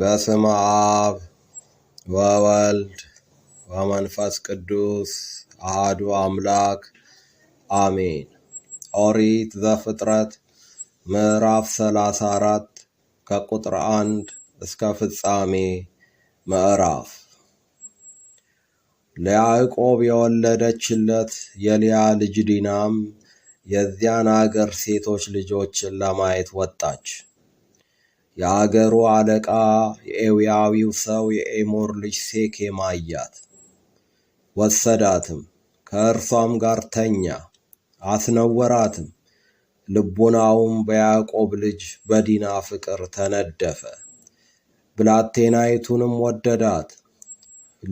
በስመ አብ ወወልድ ወመንፈስ ቅዱስ አህዱ አምላክ አሜን። ኦሪት ዘፍጥረት ምዕራፍ 34 ከቁጥር አንድ እስከ ፍጻሜ ምዕራፍ ለያዕቆብ የወለደችለት የልያ ልጅ ዲናም የዚያን አገር ሴቶች ልጆችን ለማየት ወጣች። የአገሩ አለቃ የኤዊያዊው ሰው የኤሞር ልጅ ሴኬም አያት፣ ወሰዳትም፣ ከእርሷም ጋር ተኛ፣ አስነወራትም። ልቡናውም በያዕቆብ ልጅ በዲና ፍቅር ተነደፈ። ብላቴናይቱንም ወደዳት፣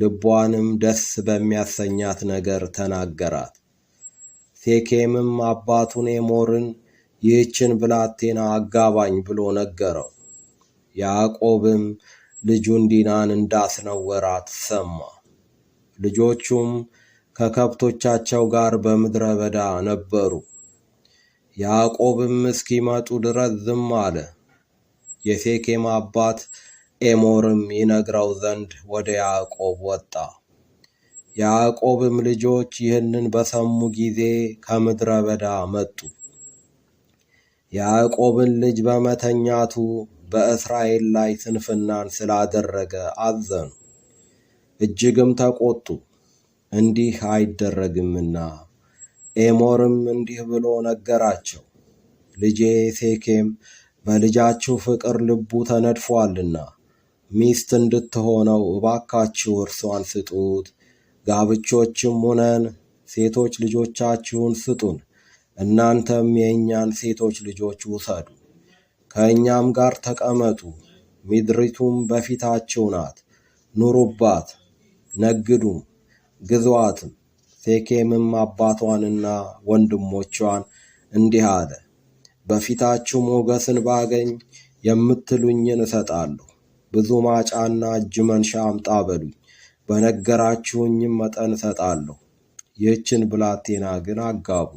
ልቧንም ደስ በሚያሰኛት ነገር ተናገራት። ሴኬምም አባቱን ኤሞርን ይህችን ብላቴና አጋባኝ ብሎ ነገረው። ያዕቆብም ልጁን ዲናን እንዳስነወራት ሰማ። ልጆቹም ከከብቶቻቸው ጋር በምድረ በዳ ነበሩ። ያዕቆብም እስኪመጡ ድረስ ዝም አለ። የሴኬም አባት ኤሞርም ይነግረው ዘንድ ወደ ያዕቆብ ወጣ። ያዕቆብም ልጆች ይህንን በሰሙ ጊዜ ከምድረ በዳ መጡ። ያዕቆብን ልጅ በመተኛቱ በእስራኤል ላይ ስንፍናን ስላደረገ አዘኑ፣ እጅግም ተቆጡ። እንዲህ አይደረግምና ኤሞርም እንዲህ ብሎ ነገራቸው፣ ልጄ ሴኬም በልጃችሁ ፍቅር ልቡ ተነድፏልና ሚስት እንድትሆነው እባካችሁ እርሷን ስጡት። ጋብቾችም ሁነን ሴቶች ልጆቻችሁን ስጡን፣ እናንተም የእኛን ሴቶች ልጆች ውሰዱ። ከእኛም ጋር ተቀመጡ፣ ምድሪቱም በፊታችሁ ናት፣ ኑሩባት፣ ነግዱም፣ ግዟትም። ሴኬምም አባቷንና ወንድሞቿን እንዲህ አለ፣ በፊታችሁ ሞገስን ባገኝ የምትሉኝን እሰጣለሁ። ብዙ ማጫና እጅ መንሻ አምጣ በሉኝ፣ በነገራችሁኝም መጠን እሰጣለሁ። ይህችን ብላቴና ግን አጋቡ።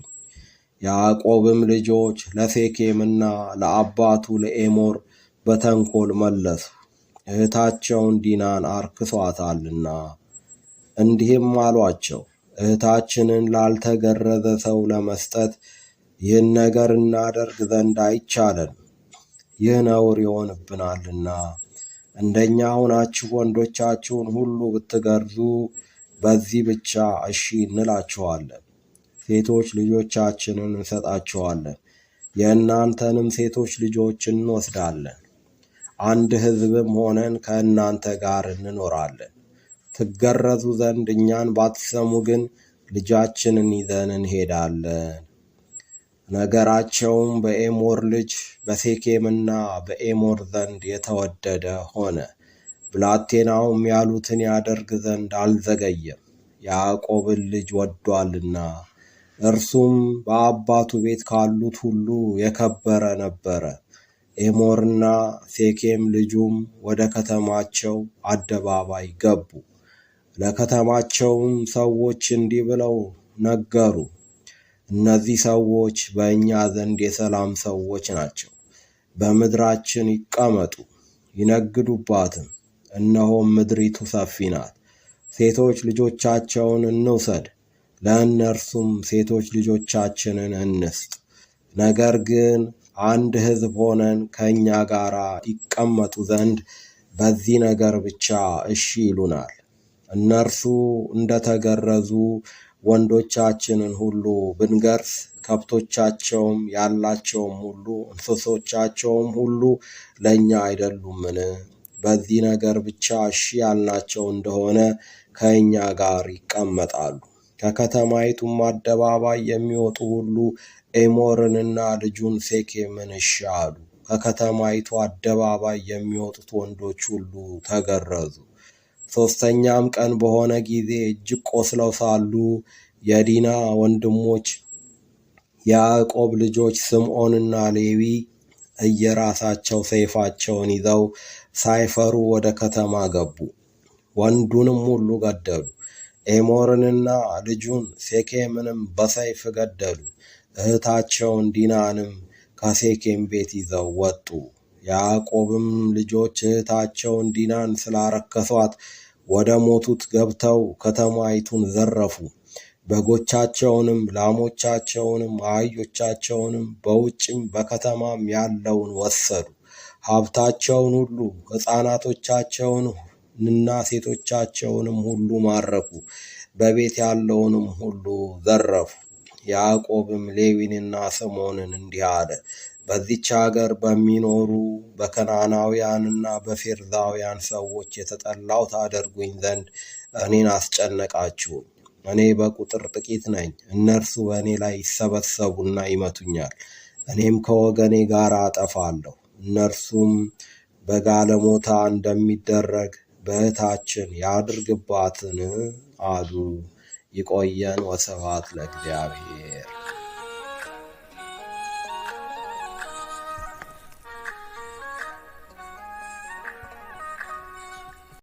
ያዕቆብም ልጆች ለሴኬምና ለአባቱ ለኤሞር በተንኮል መለሱ፣ እህታቸውን ዲናን አርክሷታልና። እንዲህም አሏቸው፣ እህታችንን ላልተገረዘ ሰው ለመስጠት ይህን ነገር እናደርግ ዘንድ አይቻለን፣ ይህ ነውር ይሆንብናልና። እንደኛ ሆናችሁ ወንዶቻችሁን ሁሉ ብትገርዙ በዚህ ብቻ እሺ እንላችኋለን። ሴቶች ልጆቻችንን እንሰጣቸዋለን። የእናንተንም ሴቶች ልጆች እንወስዳለን፣ አንድ ሕዝብም ሆነን ከእናንተ ጋር እንኖራለን። ትገረዙ ዘንድ እኛን ባትሰሙ ግን ልጃችንን ይዘን እንሄዳለን። ነገራቸውም በኤሞር ልጅ በሴኬምና በኤሞር ዘንድ የተወደደ ሆነ። ብላቴናውም ያሉትን ያደርግ ዘንድ አልዘገየም፣ ያዕቆብን ልጅ ወዷልና። እርሱም በአባቱ ቤት ካሉት ሁሉ የከበረ ነበረ። ኤሞርና ሴኬም ልጁም ወደ ከተማቸው አደባባይ ገቡ። ለከተማቸውም ሰዎች እንዲህ ብለው ነገሩ፣ እነዚህ ሰዎች በእኛ ዘንድ የሰላም ሰዎች ናቸው። በምድራችን ይቀመጡ ይነግዱባትም፣ እነሆም ምድሪቱ ሰፊ ናት። ሴቶች ልጆቻቸውን እንውሰድ ለእነርሱም ሴቶች ልጆቻችንን እንስጥ። ነገር ግን አንድ ሕዝብ ሆነን ከእኛ ጋር ይቀመጡ ዘንድ በዚህ ነገር ብቻ እሺ ይሉናል። እነርሱ እንደተገረዙ ወንዶቻችንን ሁሉ ብንገርስ ከብቶቻቸውም ያላቸውም ሁሉ እንስሶቻቸውም ሁሉ ለእኛ አይደሉምን? በዚህ ነገር ብቻ እሺ ያልናቸው እንደሆነ ከእኛ ጋር ይቀመጣሉ። ከከተማይቱም አደባባይ የሚወጡ ሁሉ ኤሞርንና ልጁን ሴኬምን እሺ አሉ። ከከተማይቱ አደባባይ የሚወጡት ወንዶች ሁሉ ተገረዙ። ሦስተኛም ቀን በሆነ ጊዜ እጅግ ቆስለው ሳሉ የዲና ወንድሞች የያዕቆብ ልጆች ስምዖንና ሌዊ እየራሳቸው ሰይፋቸውን ይዘው ሳይፈሩ ወደ ከተማ ገቡ፣ ወንዱንም ሁሉ ገደሉ። ኤሞርንና ልጁን ሴኬምንም በሰይፍ ገደሉ። እህታቸውን ዲናንም ከሴኬም ቤት ይዘው ወጡ። ያዕቆብም ልጆች እህታቸውን ዲናን ስላረከሷት ወደ ሞቱት ገብተው ከተማይቱን ዘረፉ። በጎቻቸውንም፣ ላሞቻቸውንም፣ አህዮቻቸውንም በውጭም በከተማም ያለውን ወሰዱ። ሀብታቸውን ሁሉ፣ ሕፃናቶቻቸውን እና ሴቶቻቸውንም ሁሉ ማረኩ፣ በቤት ያለውንም ሁሉ ዘረፉ። ያዕቆብም ሌዊንና ስምዖንን እንዲህ አለ፣ በዚች አገር በሚኖሩ በከናናውያንና በፌርዛውያን ሰዎች የተጠላው ታደርጉኝ ዘንድ እኔን አስጨነቃችሁኝ። እኔ በቁጥር ጥቂት ነኝ። እነርሱ በእኔ ላይ ይሰበሰቡና ይመቱኛል፣ እኔም ከወገኔ ጋር አጠፋለሁ። እነርሱም በጋለሞታ እንደሚደረግ በእህታችን ያድርግባትን አሉ። ይቆየን። ወስብሐት ለእግዚአብሔር።